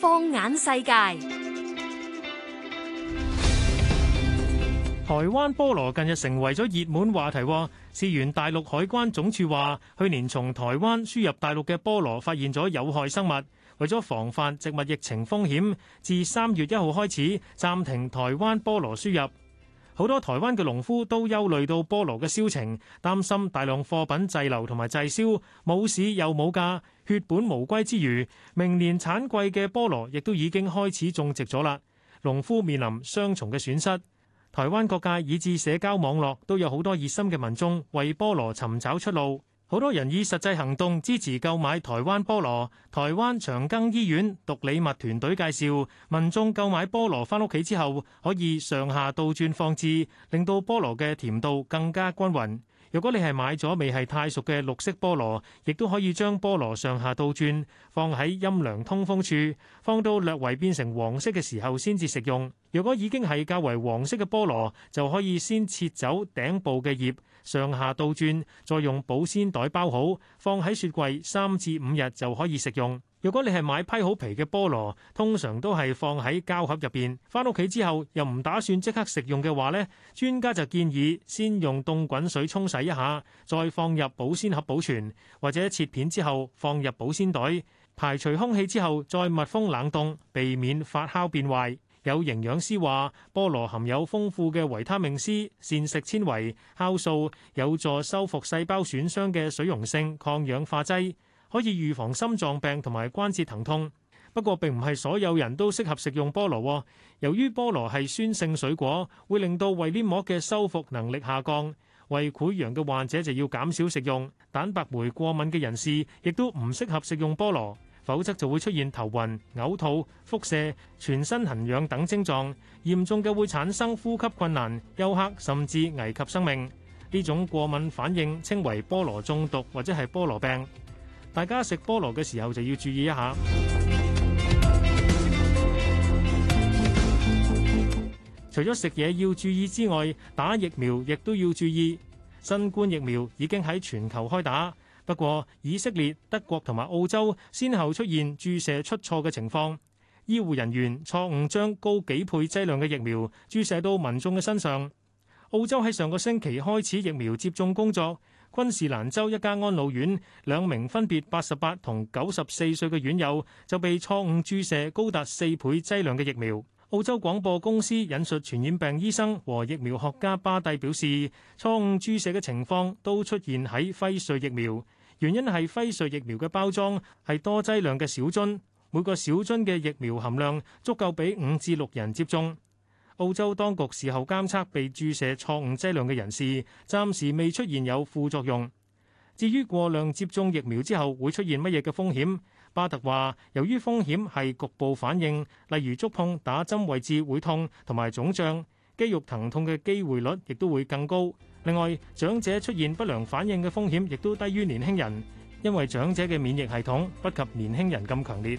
放眼世界，台灣菠蘿近日成為咗熱門話題。事源，大陸海關總署話，去年從台灣輸入大陸嘅菠蘿發現咗有害生物，為咗防範植物疫情風險，自三月一號開始暫停台灣菠蘿輸入。好多台灣嘅農夫都憂慮到菠蘿嘅銷情，擔心大量貨品滯留同埋滯銷，冇市又冇價，血本無歸之餘，明年產季嘅菠蘿亦都已經開始種植咗啦，農夫面臨雙重嘅損失。台灣各界以至社交網絡都有好多熱心嘅民眾為菠蘿尋找出路。好多人以實際行動支持購買台灣菠蘿，台灣長庚醫院毒理物團隊介紹，民眾購買菠蘿返屋企之後可以上下倒轉放置，令到菠蘿嘅甜度更加均匀。如果你係買咗未係太熟嘅綠色菠蘿，亦都可以將菠蘿上下倒轉，放喺陰涼通風處，放到略為變成黃色嘅時候先至食用。如果已經係較為黃色嘅菠蘿，就可以先切走頂部嘅葉，上下倒轉，再用保鮮袋包好，放喺雪櫃三至五日就可以食用。如果你係買批好皮嘅菠蘿，通常都係放喺膠盒入邊。翻屋企之後又唔打算即刻食用嘅話呢，專家就建議先用凍滾水沖洗一下，再放入保鮮盒保存，或者切片之後放入保鮮袋，排除空氣之後再密封冷凍，避免發酵變壞。有營養師話，菠蘿含有豐富嘅維他命 C、膳食纖維、酵素，有助修復細胞損傷嘅水溶性抗氧化劑。可以預防心臟病同埋關節疼痛，不過並唔係所有人都適合食用菠蘿。由於菠蘿係酸性水果，會令到胃黏膜嘅修復能力下降。胃潰瘍嘅患者就要減少食用。蛋白酶過敏嘅人士亦都唔適合食用菠蘿，否則就會出現頭暈、嘔吐、腹瀉、全身痕癢等症狀，嚴重嘅會產生呼吸困難、休克，甚至危及生命。呢種過敏反應稱為菠蘿中毒或者係菠蘿病。大家食菠蘿嘅時候就要注意一下。除咗食嘢要注意之外，打疫苗亦都要注意。新冠疫苗已經喺全球開打，不過以色列、德國同埋澳洲先後出現注射出錯嘅情況，醫護人員錯誤將高幾倍劑量嘅疫苗注射到民眾嘅身上。澳洲喺上個星期開始疫苗接種工作。昆士蘭州一家安老院，兩名分別八十八同九十四歲嘅院友，就被錯誤注射高達四倍劑量嘅疫苗。澳洲廣播公司引述傳染病醫生和疫苗學家巴蒂表示，錯誤注射嘅情況都出現喺輝瑞疫苗，原因係輝瑞疫苗嘅包裝係多劑量嘅小樽，每個小樽嘅疫苗含量足夠俾五至六人接種。澳洲當局事後監測被注射錯誤劑量嘅人士，暫時未出現有副作用。至於過量接種疫苗之後會出現乜嘢嘅風險？巴特話，由於風險係局部反應，例如觸碰、打針位置會痛同埋腫脹、肌肉疼痛嘅機會率亦都會更高。另外，長者出現不良反應嘅風險亦都低於年輕人，因爲長者嘅免疫系統不及年輕人咁強烈。